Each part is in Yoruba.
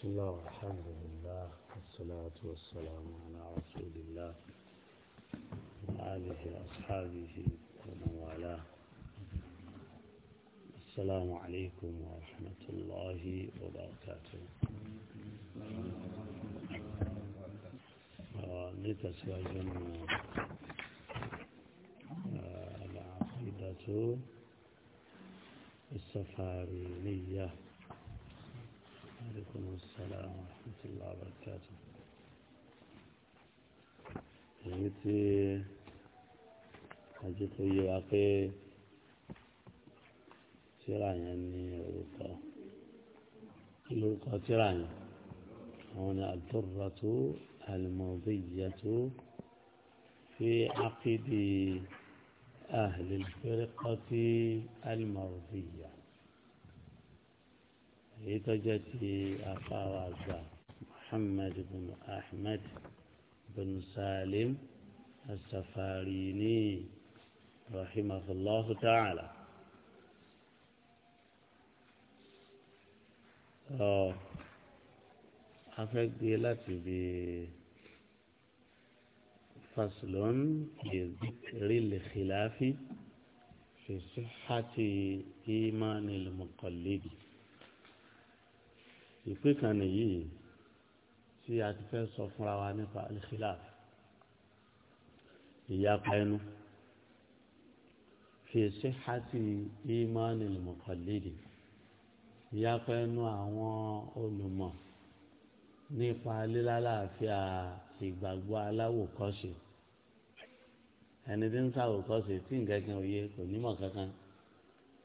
بسم الله والحمد لله والصلاة والسلام على رسول الله وآله وأصحابه ومن والاه السلام عليكم ورحمة الله وبركاته لتسواج آه، العقيدة السفارينية عليكم السلام ورحمة الله وبركاته èyítí àti kò yé wa pé tíra yẹn ní orúkọ kí lórúkọ tíra yẹn àwọn ni àdúràtú àlùmọ̀bíyàtú fi ákídì àhìlẹ́fẹ́rẹ́kọ́tì àlùmọ̀bíyà. يتجدي أخاوة محمد بن أحمد بن سالم السفاريني رحمه الله تعالى آه أفق لك فصل في ذكر الخلاف في صحة إيمان المقلد ìpín kan nìyí tí a ti fẹ́ sọ fúnra wa nípa al-khilaf ìyapa ẹnu fi sihhati imani al-muqallidi ìyapa ẹnu àwọn olùmọ̀ nípa lílálàáfíà ìgbàgbọ́ aláwòkọ́ṣe ẹni tí ń sàwòkọ́ṣe tí nǹkan kan ò kò nímọ̀ kankan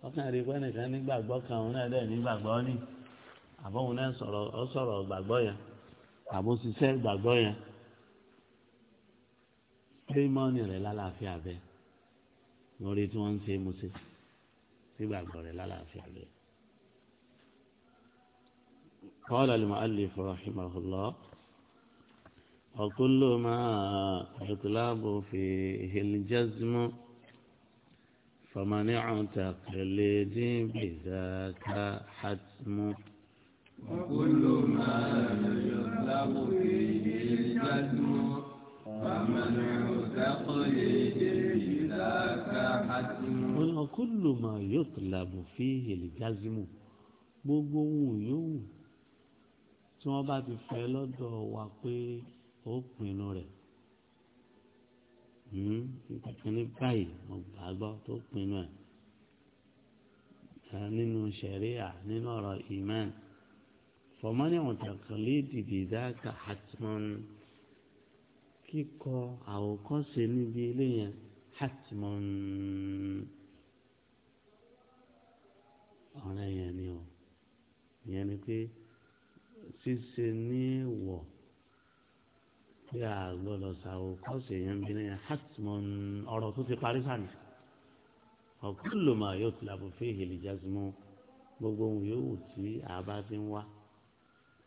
ọkàn rí pé nìkan nígbàgbọ́ kan òun náà dẹ̀ nígbàgbọ́ ni àbọ̀hún náà sọ̀rọ̀ ọ sọ̀rọ̀ gbàgbọ́ yẹn àbòsíṣẹ́ gbàgbọ́ yẹn pírímọ́ọ̀nì rẹ̀ lálàáfíà bẹ́ẹ̀ lórí tí wọ́n ń ṣe é mu ṣe sí gbàgbọ́ rẹ̀ lálàáfíà bẹ́ẹ̀. قال المؤلف رحمه الله وكل ما يطلب فيه الجزم فمن اعتق لدي بذاك حتم وكل ما يطلب فيه الجزم فمنع عتق ليه ذاك حتم وكل ما يطلب فيه الجزم gbogbo ohun yòówù tí wọn bá ti fẹ́ lọ́dọ̀ wa pé ó pinnu rẹ̀ ìpàkínní hmm, báyìí mo gbàgbọ́ tó pinnu ẹ̀ nínú ṣẹ̀ríà nínú ọ̀rọ̀ ìmánì. فمنع تقليد بذاك حتما kíkọ àwòkọ́ṣe níbi ilé yẹn hatman ọ̀rẹ́ yẹn ni o ìyẹn ni pé ṣíṣe ní wọ̀ pé a gbọ́dọ̀ ṣàwòkọ́ṣe yẹn bí yẹn hatman ọ̀rọ̀ tó ti parí sànni ọ̀kúlùmọ̀ yóò tilàbù fún ìhìlì jásímù gbogbo ohun yòówù tí a bá ti ń wá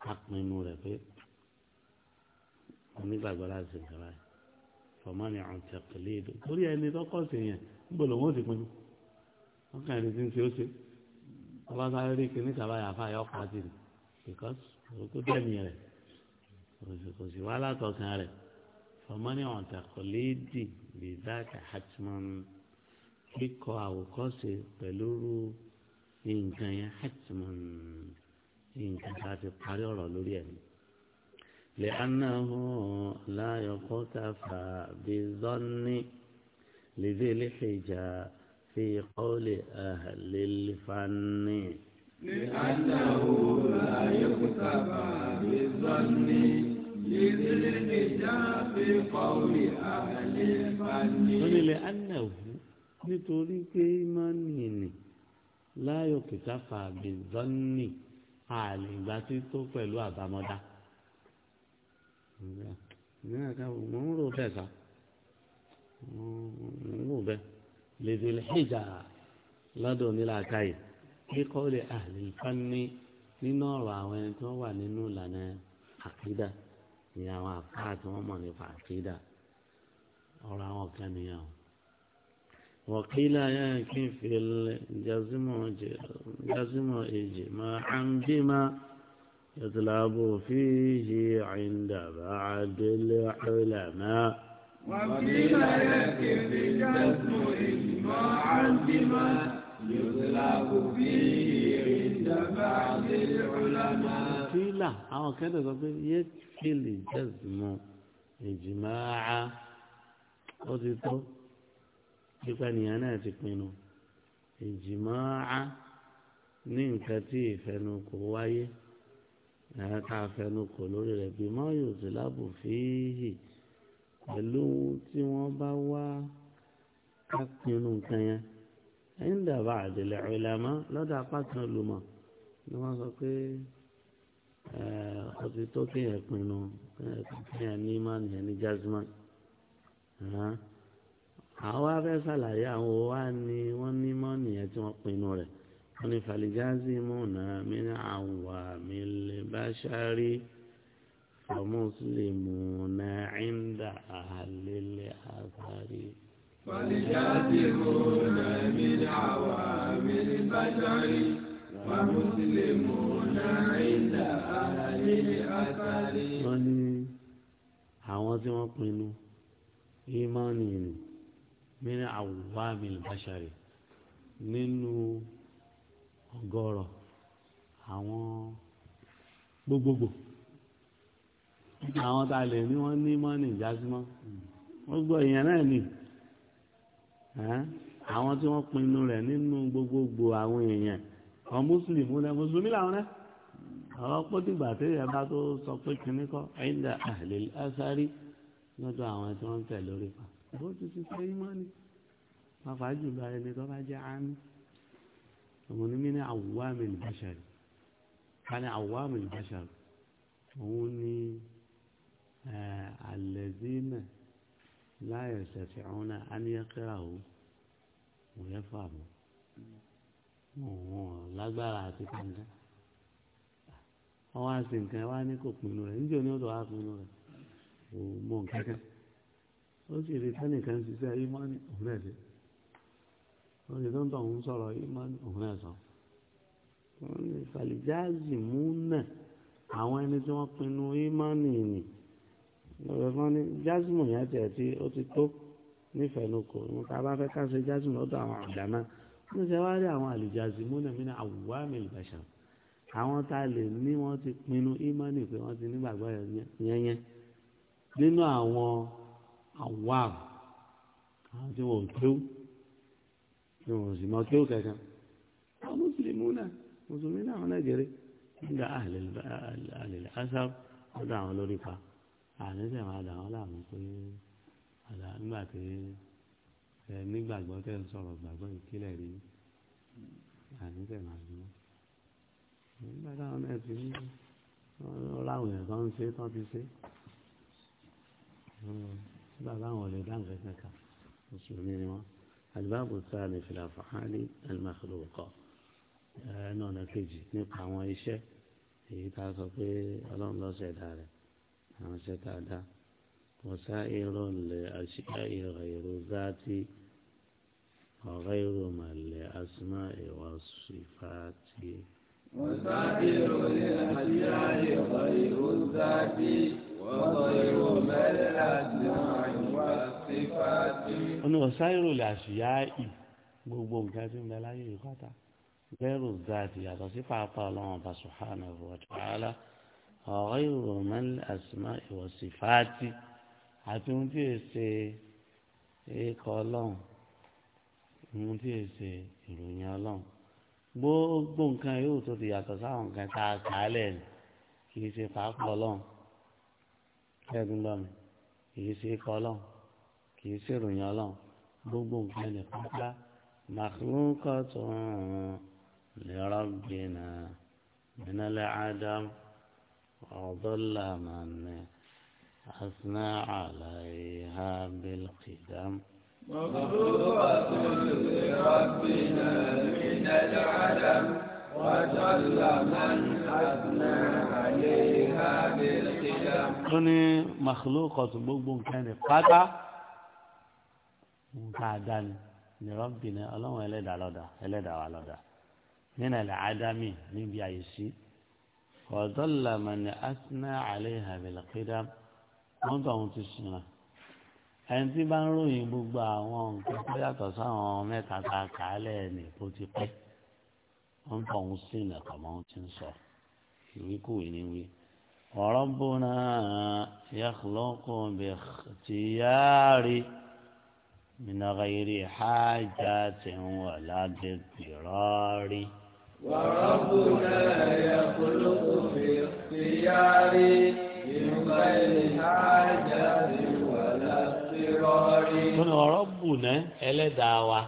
ká pinnu rẹ̀ pé onígbàgbọ́ láti nǹkan báyìí fọmọ́nì ọ̀tẹ̀kẹ̀lẹ́ èdè torí ẹni tọ́kọ̀ sí yẹn níbo lòun ó ti pinnu wọ́n kàn ní ti ń ṣe ó ṣe ọba sáré rí kíní kaba yàfa yọ pàtì ni because òkú dẹ́mi rẹ̀ kò sì wá látọ̀kan rẹ̀ fọmọ́nì ọ̀tẹ̀kẹ̀lẹ́ èdè lè dá kàhátìmọ́n kíkọ àwòkọ́ṣe pẹ̀lú nǹkan yẹn hátìmọ́n nǹkan ká ti parí ọ̀rọ̀ lórí ẹ̀ ni. لأنه لا يقتفى بالظن لذي الحجة في قول أهل الفن لأنه لا يقتفى بالظن لذي الحجة في قول أهل الفن لأنه nítorí pé ìmánì ni láyọ̀ kìtàfà bìzọ́nì àlè ìgbà tí tó pẹ̀lú àbámọ́dá mo ń rò bẹ́ẹ̀ sá mo ń rò bẹ́ẹ̀ lèdèlè hìjà lọ́dọ̀ nílà káyè kíkọ́ lè àlè ìfánní nínú ọ̀rọ̀ àwọn ẹni tó wà nínú ìlànà àkídà ni àwọn àpá àti wọn mọ̀ nípa àkídà ọ̀rọ̀ àwọn kan nìyẹn o. وقيل يا كيف الجزم جزم إجماعا بما يطلب فيه عند بعض العلماء وقيل يا كيف الجزم إجماعا بما يطلب فيه عند بعض العلماء قيل أو آه، كذا يكفي الجزم إجماعا قلت pípẹ́ nìyẹn náà ti pinnu ìjìmọ́ á ní nǹkan tí ìfẹnu kò wáyé ẹ̀rọ tá a fẹnu kò lórí rẹ̀ bí mọ́ yóò ti láàbò fíhì pẹ̀lú tí wọ́n bá wá ká pinnu nǹkan yẹn ẹ̀yìn dàbà àdìlẹ̀ ìlànà lọ́dọ̀ apá kan lùmọ̀ ni wọ́n sọ pé ó ti tó kéèyàn pinnu kéèyàn ní ìmánìyàn ní jazman àwọn wá fẹ́ ṣàlàyé àwọn wá ni wọ́n ní mọ́ọ̀nì yẹn tí wọ́n pinnu rẹ̀ wọ́n ní fàlìjáàzì múnà mínà àwà mílíbáṣárì fọmùsùlùmù náà ìndà àhàlélẹ̀ àfárí. fàlìjáàzì múnà mínà àwà mílíbáṣárì fọmùsùlùmù náà ìndà àhàlélẹ̀ àfárí. wọ́n ní àwọn tí wọ́n pinnu ìmọ̀ nìyí min awamil bashari nínú ọgọ́rọ̀ àwọn gbogbogbò àwọn tá a lè ní wọ́n ní mọ́nì ìjásímọ́ wọ́n gbọ́ èèyàn náà nì àwọn tí wọ́n pinnu rẹ̀ nínú gbogbogbò àwọn èèyàn àwọn mùsùlùmí rẹ̀ mùsùlùmí làwọn rẹ̀ àwọn pọ́tìgbà tí èèyàn bá tó sọ pé kínní kọ́ ẹ̀yìn dà àlè ásárì lọ́dọ̀ àwọn tí wọ́n ń tẹ̀ lórí pa bó ti ti fẹ́ ìmọ̀ ni wọ́n fà á jùlọ ẹni tó bá jẹ́ àmì ọmọ ní mí ní àwùwámi ìbáṣàrì ká ní àwùwámi ìbáṣàrì òun ni àlẹ́zínà láyé ṣẹ̀ṣẹ̀ ọ̀nà aníyàkẹ́rà ó òye fà mọ́ òun lágbára àti kankan wọ́n wá nǹkan wá ní kò pinnu rẹ̀ níjẹ́ oní ọ̀dọ̀ wá pinnu rẹ̀ kò mọ̀ nǹkan kan ó sì rí tẹ́nìkan ṣiṣẹ́ ìmánì òun ẹ̀sẹ̀ wọ́n ti tó ń tọ̀ ń sọ̀rọ̀ ìmánì òun ẹ̀sán wọ́n lè fàlìjáàzì mú náà àwọn ẹni tí wọ́n pinnu ìmánì nì lọ́wọ́ fún ni jásìmù yẹn tiẹ̀ tí ó ti tó nífẹ̀ẹ́nukò ní ká bá fẹ́ ká ṣe jásìmù lọ́dọ̀ àwọn àdámá ní ṣe wá rí àwọn àlìjáàzì mú náà mìíràn àwùwámi ìbàṣà àwọn tá a lè ní wọ́n ti pinnu ìmánì pé wọ́n ti nígbàgbọ́ yẹn yẹn nínú àwọn awam àwọn tí wọn ò tí wọn sì mọ kéwù kankan àwọn mùsùlùmí náà mùsùlùmí náà wọn náà jẹrẹ nígbà àlèlè asaf ọdọ àwọn lórí pa àníṣe àwọn àdà àwọn làwọn pé àdà nígbà tí ẹ nígbàgbọ́ tẹ ń sọ̀rọ̀ gbàgbọ́ ìkílẹ̀ rí àníṣe àwọn àdà nígbà táwọn náà ti ní ọlọ́run ẹ̀ tó ń ṣe tó ti ṣe bàbá àwọn ò lè dá nǹkan kankan mùsùlùmí ni wọn àdìbàbò sáà ní fìlàfà á ní àlùmáfìlò kọ ẹnu ọ̀nà kejì nípa àwọn iṣẹ́ èyí tá a sọ pé ọlọ́run ló ṣẹ̀dá rẹ̀ àwọn iṣẹ́ tá a dá wọ́sá irọ́ ńlẹ̀ àṣìká ìrọ̀ èrò záàtì ọ̀rẹ́ ìrọ̀ màlẹ̀ asúná ìwà sífàtì. مسائل للأحياء غير الذات وغير ملأسماع والصفات. وسائر الأشياء gbogbo nǹkan tí ń bẹ láyé yìí pátá bẹ́ẹ̀rù zaati yàtọ̀ sí pàápàá ọlọ́run ọba subhanahu wa ta'ala ọ̀rọ̀ ìròmọ́ àsìmá ìwọ̀sífáàtì àti ohun tí èsè ikọ̀ ọlọ́run ohun tí èsè ìròyìn ọlọ́run gbogbo nǹkan yóò tó ti yàtọ̀ sáwọn nǹkan tá a kà á lẹ̀ ní kì í ṣe pàápàá ọlọ́run ẹ̀gbọ́n lọ́mi kì í ṣe ikọ̀ ọlọ́run kì í ṣe ìròyìn ọlọ́run gbogbo nǹkan ní pátá màkúrúkọ tó ń lérò gbìnà mìnàlẹ́ ádám ọ̀dọ́là màmí asná àlàyé ha bílkìdám. مطلوبة لربنا من العدم وجل من أثنى عليها بالقدم ó ní مخلوقة gbogbo nǹkan ní pátá nǹkan àdáni ní rọ́bìnrin ọlọ́run ẹlẹ́dàá lọ́dà ẹlẹ́dàá wa lọ́dà nínú ẹ̀lẹ́ ádámì níbi àyèsí ọ̀dọ́làmọ̀ ni asínà àlẹ́ ìhàbẹ̀lẹ̀ wọ́n tó àwọn ti sùn ẹni tí bá ń ròyìn gbogbo àwọn nǹkan tó yàtọ̀ sáwọn mẹ́ta tá a kà á lẹ́ẹ̀ni bó ti pẹ́ wọ́n tọ̀ ń sìn ẹ̀kọ́ mọ́ ti ń sọ ìwíkúwì ni wí. ọ̀rọ̀bùnà yàtọ̀ bí tìyàrí mìnàgàyèrè hájà ti ń wà ládé pìrọ́rí. ọ̀rọ̀bùnà yàtọ̀ bí tìyàrí mìnàgàyèrè hájà ti ń wà ládé pìrọ́rí wọn ọ̀rọ̀ bù ná ẹlẹ́dàá wa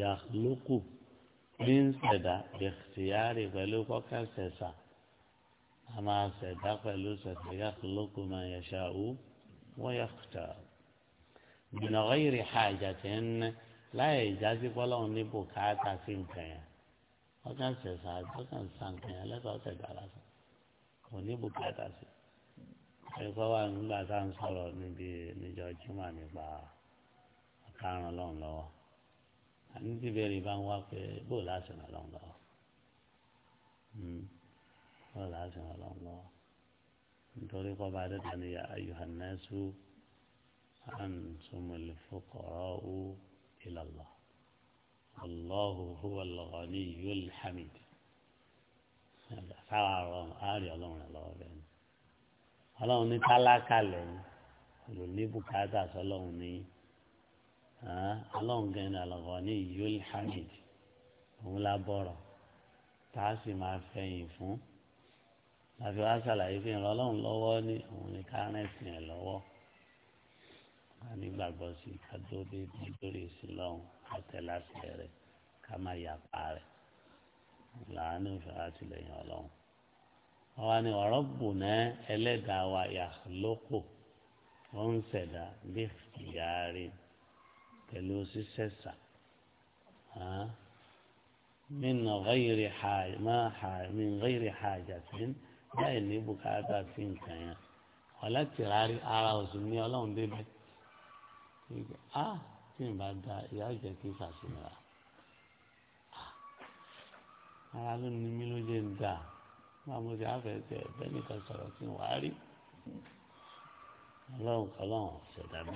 yàlókù ní ń ṣẹ̀dá bẹ̀rẹ̀ pẹ̀lú kọ́kẹ́ ṣẹ̀ṣà a máa ṣẹ̀dá pẹ̀lú ṣẹ̀ṣà yàlókù máa yẹ̀ṣà ó wọ́n yàkùtà gbìnàwó yìí rí hàjà tí ń ná láyé ìjásí bọ́lọ́hún ní bùkátà sí nǹkan yẹn ọkàn ṣẹ̀ṣà ọkàn ṣàǹkàn yẹn lẹ́sọ̀ọ́ ṣẹ̀dá lásán kò ní bùkátà sí i ẹ̀kọ́ wà nígbà tá à ń sọ̀rọ̀ níbi níjọ jimá nípa ọ̀karùn ọlọ́run lọ́wọ́ àní tí ìbéèrè bá ń wá pé bó láti ràn ọlọ́run lọ́wọ́ hmm. bó láti ràn ọlọ́run lọ́wọ́ nítorí kọ́ bá dẹ́ta ni ayọ̀hánẹ́sù àǹtùmọ̀lẹ́fọ́kọ̀rọ̀ ìlàlọ́ ọlọ́hu húwọ́lọ́ọ̀ ní yóò hàmìdì sáwà rọrùn àárẹ̀ ọlọ́run lọ́wọ́ bẹ́ẹ̀ ni ọlọ́run ní tálákà lẹ́yìn olùní bùkátà sọlọ́run ní ọlọ́run gẹ̀ẹ́nì àlọ́kọ̀ ní yul hamid òun lábọ̀rọ̀ tá a sì máa fẹ̀yìn fún láti wá ṣàlàyé fi ràn ọlọ́run lọ́wọ́ ní òun ní kárẹ́ǹsì rẹ̀ lọ́wọ́ a ní gbàgbọ́ sí i ká tó dé lórí ìsìlọ́run àtẹ̀láṣẹ rẹ̀ ká má yàpá rẹ̀ làánú ìfẹ́ àtìlẹ́yìn ọlọ́run àwa ni ọ̀rọ̀ bù ná ẹlẹ́dàá wa yàlókò wọ́n ń ṣẹ̀dá bí ìyáàrí pẹ̀lú ṣíṣẹ̀ṣà min ghayri haja ma haja min ghayri hajatin láì ní bùkátà sí nǹkan yẹn ọ̀lẹ́tìrárí ara òsì ní ọlọ́run débẹ̀ a tí n bá da ìyá jẹ́ kí fàṣìlẹ̀ rà ara ló ní mí ló jẹ́ ń dáa. محمود عافية بني كان سلاطين وعالي الله وخلان سيدان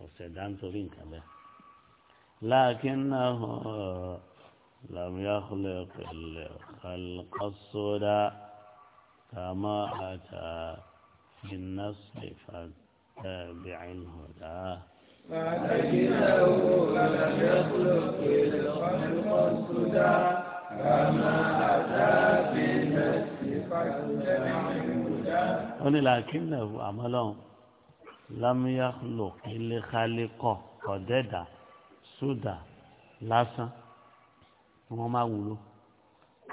وسيدان تورين كان لكنه لم يخلق الخلق الصورة كما أتى في النص فاتبع الهدى لكنه لم يخلق الخلق ó ní làákínà àmọ́lọ́hún lámúyàlò ilékalẹ́kọ̀ ọ̀dẹ́dà sódà lásán wọn máa wúlò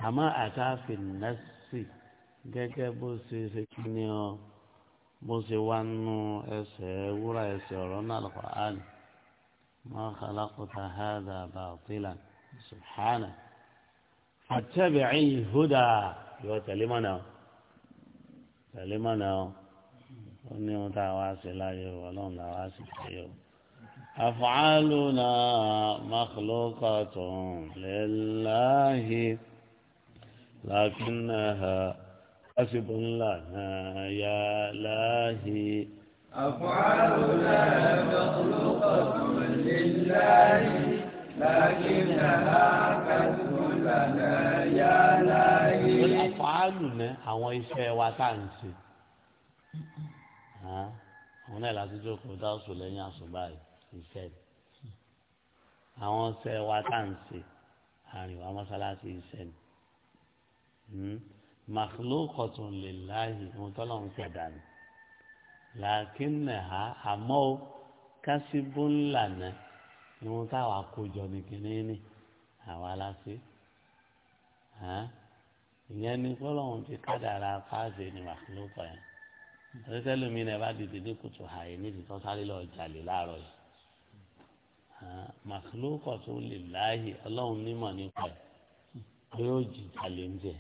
àmọ́ àkáàfin nẹ́sì gẹ́gẹ́ bó ṣe ṣe kí ni ọ bó ṣe wá nú ẹsẹ̀ wúrà ẹsẹ̀ ọ̀rọ̀ náà lọ́kọ̀ áàlì ma khalaqta hadha batilan subhana fattabi'i huda yóò tẹ̀lé mọ́ tẹ̀lé mọ́nà ọ ó ní ohun tá a wá sí láyé o ọlọ́run là wá sí láyé o. أفعالنا مخلوقة لله لكنها كسب لنا يا لاهي أفعالنا àwọn iṣẹ́ wa tá à ń ṣe àwọn náà láti jókòó dáhùn lẹ́yìn àṣùbà iṣẹ́ àwọn iṣẹ́ wa tá à ń ṣe àrìnwá mọ́sálásí iṣẹ́ ni hmm, makhluqatun lillahi ohun tó lọ́n ṣẹ̀dá ni lakinnaha àmọ́ ó kásìbó ńlá náà ni ohun táwa kó jọ nìkíní ni àwa la ìyẹn ní kọ́lọ́hún ti kádàrà fáàsì ni màkìlókọ̀ yẹn àtẹ́tẹ́ lómi náà bá dìde ní kùtù ààyè níbi tó sáré lọ jalè láàárọ̀ yìí ah, màkìlókọ̀ tó lè láàyè ọlọ́run nímọ̀ nípa ẹ̀ pé ó jì jalè ń jẹ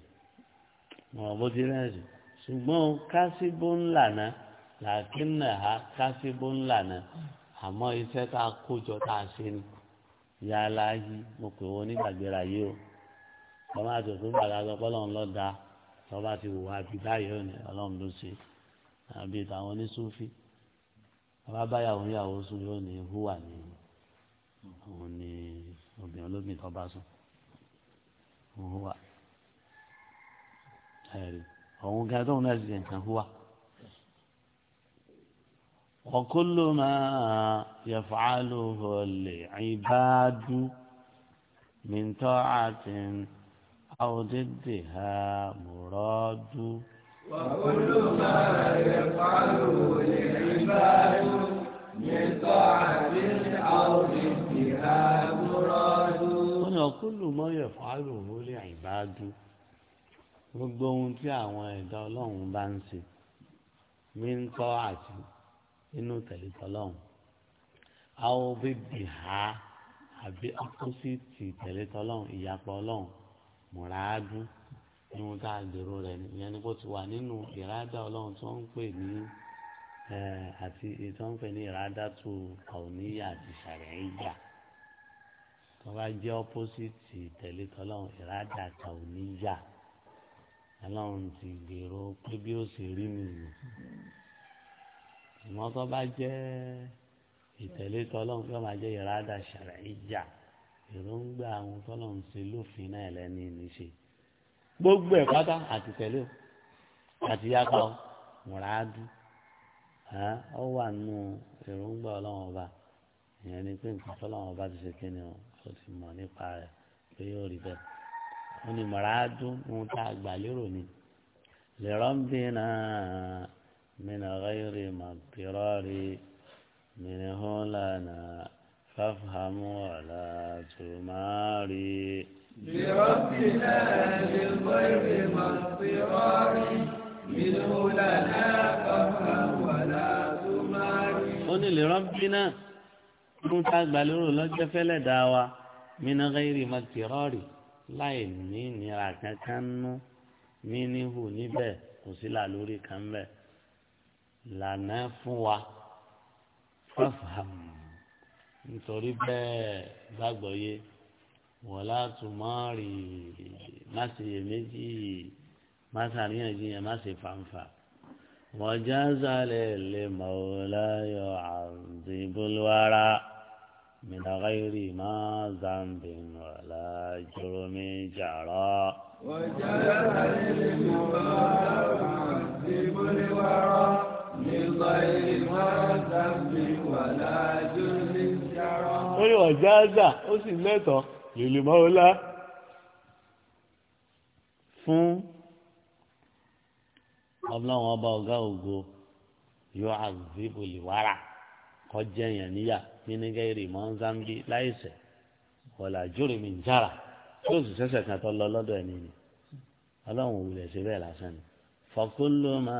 mọ̀ bó ti rẹ̀ jù ṣùgbọ́n kásíbó ńlá náà làákínà ha kásíbó ńlá náà àmọ́ iṣẹ́ tá a kó jọ tá a ṣe ni yálà yìí mo pè wọ́n nígbàgbéra yìí o ọmọ àtòkù gbàdá sọ pé ọlọ́run ló da tọ́ba ti wò wá bí báyìí òní ọlọ́run ló ṣe àbí tàwọn oníṣúfì bàbá báyàwó níyàwó sùn yóò ní húwà ní òun ní obìnrin olóbìn tọ́ba sùn húwà ẹ̀rí òun gan tóun náà sì ṣe nǹkan húwà. وكل ما يفعله العباد من طاعة أو ضدها مراد وكل ما يفعله العباد من طاعة أو ضدها مراد كل ما يفعله العباد gbogbo ohun tí àwọn ẹ̀dá ọlọ́run bá ń ṣe mí ń kọ́ àti nínú tẹ̀lé tọ́lọ́run àwọn bíbí ha àbí ọ́pọ́sìtì tẹ̀lé tọ́lọ́run ìyàpọ̀ ọlọ́run mọ̀ràádú nínú tá a gbèrò rẹ̀ ìyẹn ni kó ti wà nínú ìrádá ọlọ́run tí wọ́n ń pè ní àti tí wọ́n ń pè ní ìrádá tó kàwéníyà àti sàrẹ́yà tó bá jẹ́ ọ́pọ́sìtì tẹ̀lé tọ́lọ́run ìrádá kàwéníyà ọlọ́run ti gbèrò pé bí ó ṣe rí nìyí ìmọ̀ bá jẹ́ ìtẹ̀lé tọ́lọ́run yóò máa jẹ́ ìrádá sàrẹ́yà èròǹgbà àwọn tọ́lọ̀ ń ṣe lófin náà lẹ́ni níṣe gbogbo ẹ̀ pátá àti tẹ̀lé o àti yapa o mùràádù ọ wà nù èròǹgbà ọlọ́wọ́n ọba ìyẹn ni pé nǹkan tọ́lọ́wọ́n ọba ti ṣe kíni o ó ti mọ̀ nípa rẹ̀ pé yóò rí bẹ́ẹ̀ wọ́n ní mùràádù ohun tá a gbà lérò ni lẹ́rọ̀ǹbìnà mìíràn rẹ́rì màbírọ́rì mìíràn hólànà. فافهموا ولا تماري بربنا للغير مصدرار منه لنا فافهم ولا تماري ó ní lè rọ́bìnà fún tá a gbà lérò lọ́jọ́ fẹ́lẹ̀ dá wa mina ghairi matirari láì ní ìnira kankan nú mí níhù níbẹ̀ kò sí là lórí kan bẹ́ẹ̀ lànà fún wa fafham nítorí bẹ́ẹ̀ gbàgbọ́ yé wọ́n látún máa rì má ṣe iyèméjì má ṣàríyànjiyàn má ṣe fàǹfà. وجاز للمولى يعذب الورى من غير ما ذنب ولا جرم جرى وجاز للمولى يعذب الورى من غير ما ذنب ولا جرم ó yọ ọ̀jáàzà ó sì lẹ́tọ̀ọ́ lèlèmọ́ọ́lá fún ọlọ́run ọba ọ̀gá ògo yọ àzíbò lìwárà kọjá èèyàn níyà nínúgẹ́rì mọ́ńsáńbí láìsẹ̀ ọ̀làjúrì mi ń jára tí ó sì sẹ́sẹ̀ kan tó lọ lọ́dọ̀ ẹni ni ọlọ́run òwúlẹ̀ sí bẹ́ẹ̀ lásán ni fọkúlùmọ́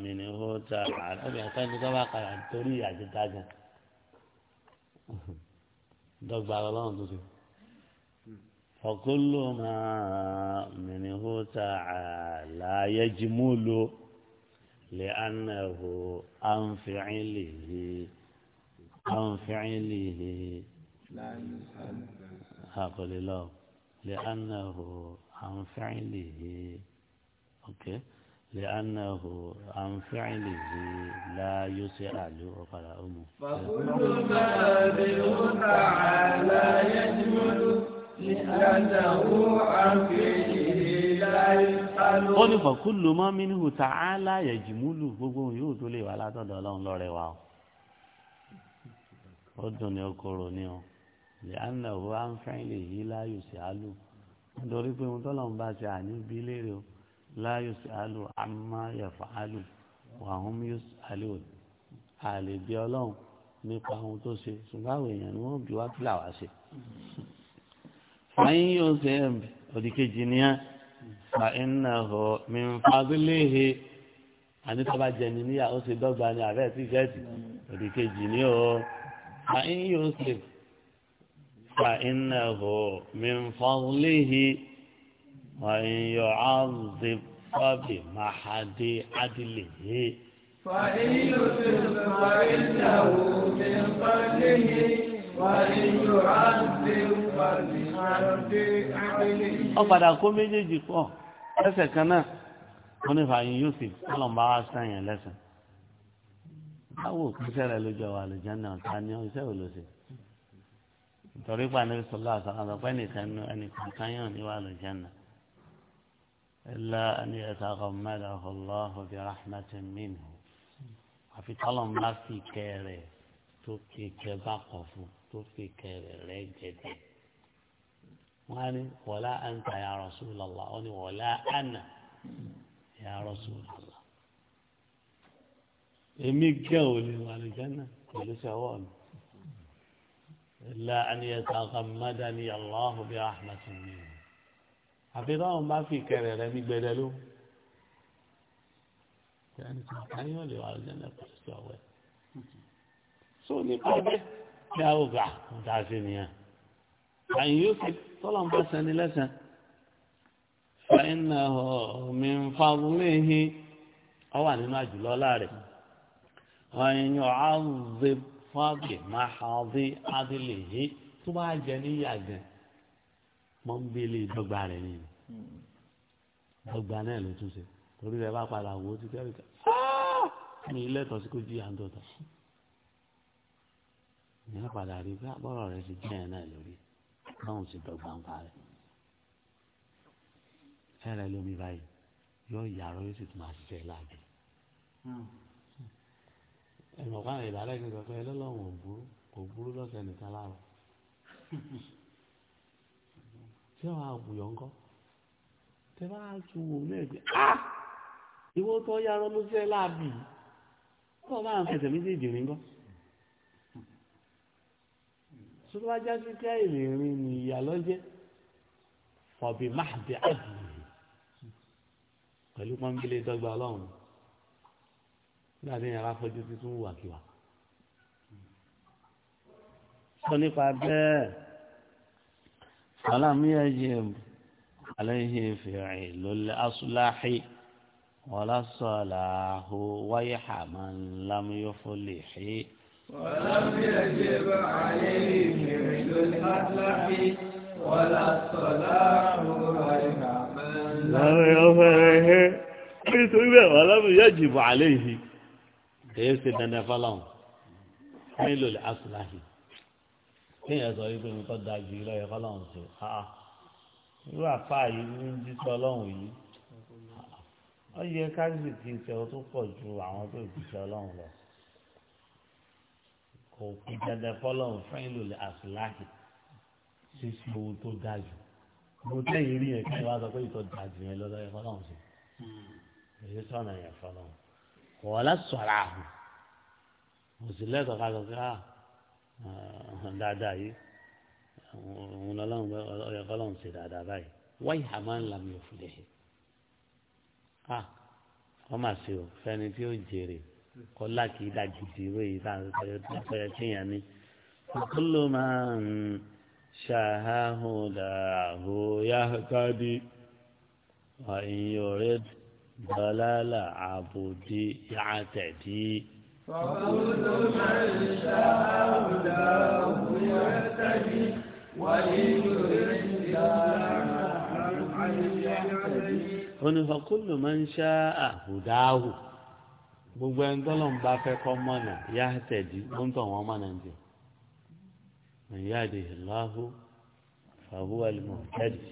mìíràn ó ta àlọ́ mi tó bá kàrà torí àjẹtágan dọ́gba ọlọ́run tó ti ọ̀kúlù máa mìíràn ta àlàyé jimúlò lè anahu anfìcìlìhì anfìcìlìhì àkọlélọ lè anahu anfìcìlìhì okay. لأنه عن فعله لا يسأل ولا أم فكل ما به تعالى يجمل لأنه عن فعله لا يسأل ó فكل ما منه تعالى يجمل gbogbo yóò tó lè wà látọ̀dọ̀ ọlọ́run lọ́rẹ̀ wa ó dùn ní okòrò ni ọ لأنه عن فعله لا يسأل nítorí pé ohun tọ́lọ́run bá ṣe àní bí léèrè o. لا يسأل عما يفعل وهم يسألون àlè bí ọlọ́run nípa ohun tó ṣe ṣùgbọ́n àwọn èèyàn ni wọ́n bí wá kílà wá ṣe. fàyín yóò ṣe ẹ̀m òdìkejì nìyẹn fa iná hàn mí ń fagilé àní tó jẹni níyà ó ṣe dọ́gba ni àbẹ́ tí gẹ́ẹ̀tì òdìkejì ní o fàyín yóò ṣe fa iná hàn mí ń fagilé. من يعظم فبمحد عدله فإن يسر فإنه من فضله وإن يعظم فبمحد عدله ọ̀padà kó méjèèjì pọ̀ ẹsẹ̀ kan náà wọ́n ní fàáyín yusuf ọlọ́mọba wa sẹ́yìn lẹ́sìn báwo òkúṣẹ́ rẹ̀ lójú ọ̀wà àlùjáná ọ̀tá ni iṣẹ́ òlòṣè nítorí pàdé sọlá àṣà àlọ́pẹ́ nìkan ẹnìkan káyọ̀ níwà àlùjáná. إلا أن يتغمده الله برحمة منه وفي طلم ما في كيري توكي كباقف توكي كيري وأني ولا أنت يا رسول الله ولا أنا يا رسول الله إمي قولي والجنة كل سوام إلا أن يتغمدني الله برحمة منه àfi táwọn bá fi kẹrẹ rẹ ní gbẹdẹ ló ẹni tí wọn kàn yóò lè wà lójú ẹni pẹ̀lú sí ọwẹ so nípa ọbẹ ní àwògbà ń ta sí nìyẹn àyìn yóò fi tọ́lọ̀ ń bá sẹni lẹ́sẹ̀ fẹ́ẹ́nà mi ń ọ wà nínú àjùlọ láàrẹ̀ wọ́n yàn áwùzẹ́ máa hàn sí adìlẹ̀ yìí tó bá jẹ níyà mọ́ńbélé dọ́gba rẹ̀ ni hmm. dọ́gba náà ló tún ṣe torí rẹ̀ bá padà wò ó ti kẹ́rì ká mi ilé ẹ̀tọ́ sí kó jí à ń tọ̀tọ̀ ìyá padà rí bí àbọ̀rọ̀ rẹ̀ ti jẹ́ ẹ̀ náà lórí báwọn sì dọ́gba ń parẹ́ ẹ̀rẹ̀ lómi báyìí yóò yàrá yóò sì tún máa ṣiṣẹ́ láàbì hmm. ẹ̀rọ kan ìdálẹ́gbẹ̀ẹ́ kọ̀ọ̀kan ẹlọ́lọ́wọ̀n ò burú kò burú lọ́sẹ̀ nìkan láàrọ̀. tí wọn àbùyọ ńkọ tẹ bá tu wò lẹ́gbẹ̀ẹ́ á ah! ìwọ tó yára ló fẹ́ láàbì kọ́ máa ń fẹsẹ̀ méjèèjì rìn ńkọ. sọ́dọ́bájá sí ká ìrìnrìn ní ìyàlọ́jẹ́ fọ̀bì máàdì àdìyẹ pẹ̀lú pọ́ńbélé dọ́gba ọlọ́run nígbà tí yàrá fọjú títún wàkiwà. sọ nípa bẹ́ẹ̀. فلم يجب عليه فعل الأصلاح ولا الصلاح ويح من لم يفلح ولم يجب عليه فعل الأصلاح ولا الصلاح ويح من لم يفلح nítorí ولم يجب عليه kìí ṣe dandan fọlọ́n nílò lè asùláhì kéèyàn sọ wípé mi kọ́ da jù lọ́yẹ kọ́lọ́hún sí ah irú àfa yìí ní jíṣẹ́ ọlọ́hún yìí ó yẹ káàsì ti ìṣẹ̀wọ́ tó pọ̀ ju àwọn tó jíṣẹ́ ọlọ́hún lọ kò kí dandan fọlọ́hún fẹ́yìn ló lè àfìláàkì ṣíṣe ohun tó ga jù mo tẹ́yìn rí yẹn kí wọ́n sọ pé ìtọ́ da jù yẹn lọ́yẹ kọ́lọ́hún sí èyí sọ̀nà yẹn fọlọ́hún kò wọ́n lọ àhùn mo sì lẹ́tọ̀ọ́ dáadáa yìí òun lọ́lọ́run ọ̀yọ́ kọ́lọ́run ṣe dáadáa báyìí wáyé àmà ńlá mi ò fìlẹ̀ yìí a wọ́n máa ṣe o fẹ́ni tí ó jèrè kọ́lá kì í gidi ìwé yìí tá àkọyọ kéèyàn ní. kúlù máa ń ṣàhàhùdà àhóyá káàdì ọ̀yìn òrè dọ́là àbòdì yàtẹ̀dì. ففوز من شاء هداه يهتدي وإن يرد oni fakulu man ṣá àhùdáhù gbogbo ẹni tọ́lọ̀ ń bá fẹ́ kọ́ mọ́nà yá tẹ̀dí ó ń tọ̀ wọ́n mọ́nà jẹ́ ìyáàdì ìláhù fàhúwà lìmọ̀ tẹ́dì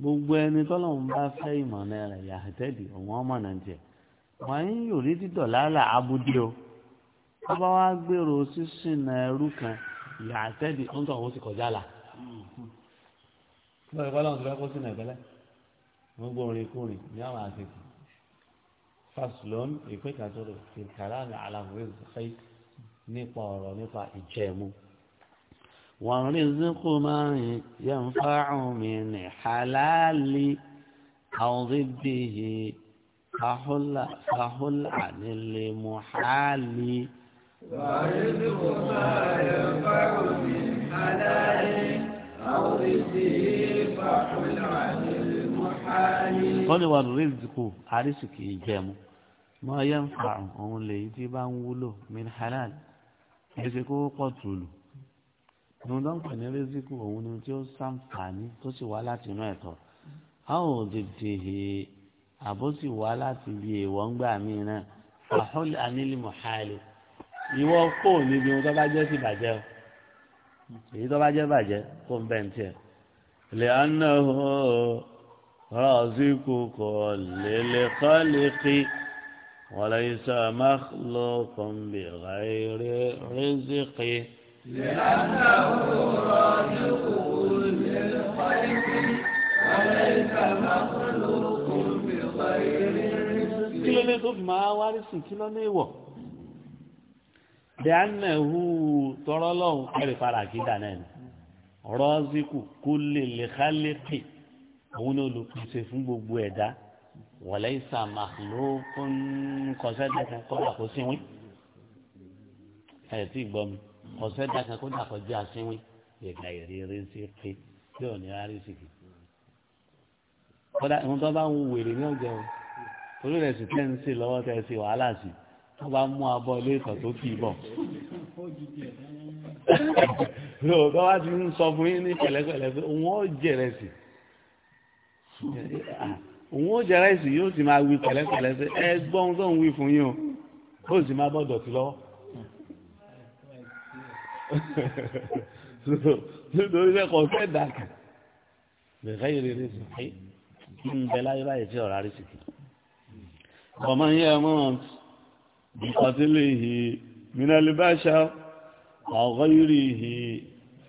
gbogbo ẹni tọ́lọ̀ bá fẹ́ ìmọ̀nà rẹ̀ yá tẹ̀dí ó wọ́n mọ́nà jẹ́ wọ́n ń yòrí dídọ̀ lálà abúdé o tó bá wá gbèrò sísìn ẹrú kan ìyá àtẹ́dì ó ń tọ́ àwọn ó ti kọjá là. bọ́ọ̀ ìpàdé àwọn ti fẹ́ kó sínú ẹ̀gbẹ́lẹ́ wọ́n gbọ́ orin kúrin ní àwọn àtẹ̀kù faslon ìpín kan tó rò ìkàrà ní aláwọ̀ ìfẹ́ nípa ọ̀rọ̀ nípa ìjẹ̀mú. wọ́n rí zikú máa ń yẹn fáwọn mi ní halali àwọn فحل فحل عن المحال وعرضه ما ينفع من حلال أو رزقه فحل عن المحال قل والرزق عرسك إجامه ما ينفع أن ليتي بانولو من حلال رزقه قتله ìwọ̀n tó ń pè ní rẹ́síkù òun ni tí ó sàǹfààní tó sì wá láti àbòsí wá láti bí èèwọ̀ ń gbà mí náà fàhùn anílì mọ̀hálì ìwọ kò níbi ohun tó bá jẹ́ sí bàjẹ́ o èyí tó bá jẹ́ bàjẹ́ kó ń bẹ̀ ń tiẹ̀. lè ana hó rọ́ọ̀sì kòkò lélẹ̀ kọ́lẹ́kì wọlé iṣẹ́ máàlú kọ́ńbì rẹ̀ rẹ́sìkì. lè ana hó rọ́ọ̀sì kòkò lélẹ̀ kọ́lẹ́kì wọlé iṣẹ́ máàlú. máa wárí sùn kí lọ́nà ìwọ̀ dẹ́ánà hu tọrọ lọ́hùn kẹrì fara àkídà náà ni rọ́ọ̀sìkù kó lè lè ká lépè òun ni olùpèsè fún gbogbo ẹ̀dá wọ̀lẹ́ ìsàmà ló fún kọ́sẹ́dá kan kọ́dà kó síwín ẹ̀ tí gbọ́ mi kọ́sẹ́dá kan kọ́dà kó jẹ́ àsíwín ìgbà ìrírí sí pé tí ní rárí sìkì kọ́dà ìwọ̀n tó bá ń wèrè ní ọ̀jẹ̀ o torí rẹ̀ sì lọ́wọ́ tẹ́ wàhálà sí wọ́n bá mú abọ́ ilé ìtàn tó kì í bọ̀. lóòótọ́ wá ti ń sọ fún yín ní pẹ̀lẹ́pẹ̀lẹ́ pé òun ó jẹ̀rẹ̀ sí òun ó jẹ̀rẹ̀ sí yóò sì máa wí pẹ̀lẹ́pẹ̀lẹ́ pé ẹ gbọ́ ohun tó ń wí fún yín o ó sì máa bọ́ dọ̀tí lọ́wọ́. nítorí pé kò fẹ́ dàkà bẹ̀rẹ̀ yìí rí rí sí i ń bẹ láyé báyìí tí ọ̀rá rí ومن يموت بقتله من البشر أو غيره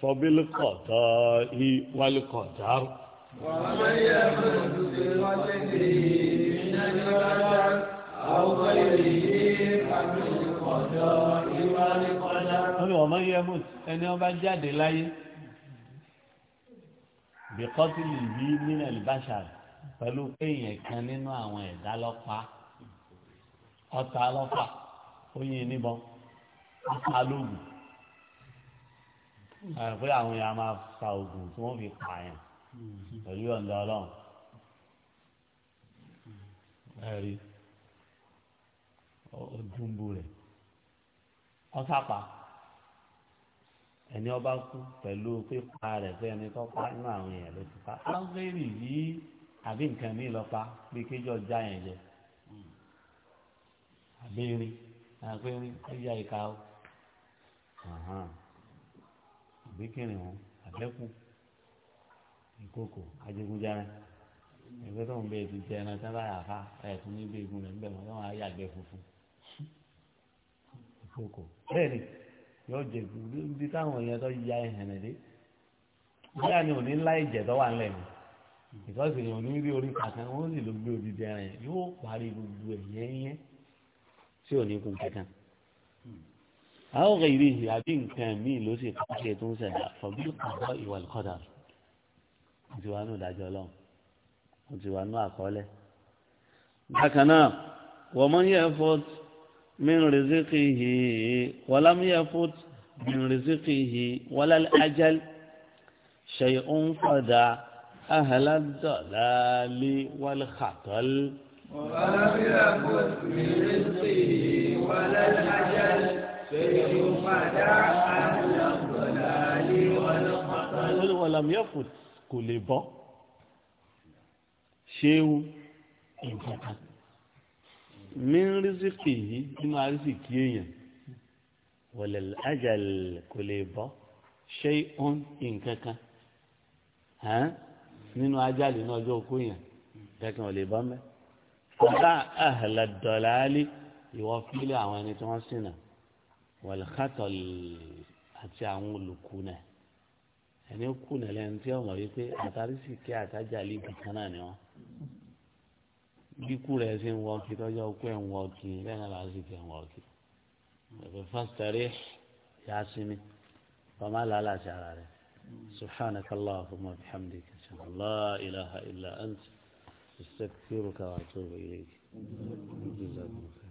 فبالقضاء والقدر ومن يموت بقتله من البشر أو غيره فبالقضاء والقدر ومن يموت أن يوم جاد لي بقتله من البشر pẹ̀lú pé èèyàn kan nínú àwọn ẹ̀dá lọ́pàá ọta lọ́fà oyin níbọn ọta lóògùn pé àwọn èèyàn máa fa oògùn tí wọ́n fi pààyàn pẹ̀lú ọ̀dọ́ ọlọ́run ẹ̀rí ọdúnbù rẹ̀ ọ̀sápa ẹni ọba kú pẹ̀lú pípa rẹ̀ fẹ́ ẹni tó pa inú àwọn èèyàn ló ti pa. aláǹgbẹ̀rì yìí àbí nǹkan míì lọ pa bí kéjọ já yẹn jẹ àbẹ́rin àbẹ́rin ẹ̀yà ìka o àbíkìnrin o àbẹ́kù ìkókò ajégunjára ẹgbẹ́ tó ń bẹ ti jẹ ẹran tán láyà ká ẹ̀sùn níbi igun rẹ̀ níbẹ̀ wọ́n á yàgbẹ́ funfun ìkókò bẹ́ẹ̀ ni yóò jẹ ibi táwọn èèyàn tó ya ẹ̀hẹ̀n dé bóyá ni òní ńlá ìjẹ̀ tó wà ńlẹ̀ mi ìkọ́sì ni òní rí orí kàkan wọ́n sì gbé odidi ẹran yẹn yóò parí gbogbo ẹ̀yẹ́ tí ò ní kun kankan àwọn ọ̀gá ìrì ìhì àbí nǹkan míì ló sì kọ́ ṣe tó ń ṣẹ̀dá fọ̀bí àbọ̀ ìwà ìkọ́dà ti wà nù ìdájọ́ ọlọ́run ó ti wà nù àkọọ́lẹ̀ bákan náà wọ́n mọ̀ yẹ fọ́t min rìzíkìhì wọ́lámù yẹ fọ́t min rìzíkìhì wọ́lá ajal ṣe ń fọ̀dà ahàlá dọ̀lá lé wàlúkàtọ́lù. ولم يكن في رزقه ولا الأجل شيء مدى أهل الضلال والخطل ولم يفت kò lè bọ́ ṣéwu nǹkan mi ń rísìkì yìí nínú àrísìkì èèyàn wọlé ajalè kò lè bọ́ ṣé òun nǹkan nínú ajalè ní ọjọ́ òkú yẹn kẹ́kẹ́ ò lè bọ́ mẹ́ kọ́lá àhàlà dọ̀làálì ìwọ fílẹ̀ àwọn ẹni tí wọ́n ṣìnà wàlúkàtọ̀lì àti àwọn olùkùnà ẹni kùnà lẹ́nu tí ọmọ yìí pé àtàrí sì kí àtàjà lè kankan náà ni wọ́n bíkú rẹ̀ ṣe ń wọ́ọ̀kì tọ́jọ́ kú ẹ̀ ń wọ́ọ̀kì bẹ́ẹ̀ náà làásì kí ẹ̀ ń wọ́ọ̀kì ẹ̀fẹ̀ fásitẹ̀rì yá sí mi bàmá làálàá sí ara rẹ̀ subhanaka allahumma wa bihamdika ṣe استغفرك واتوب اليك جزاكم الله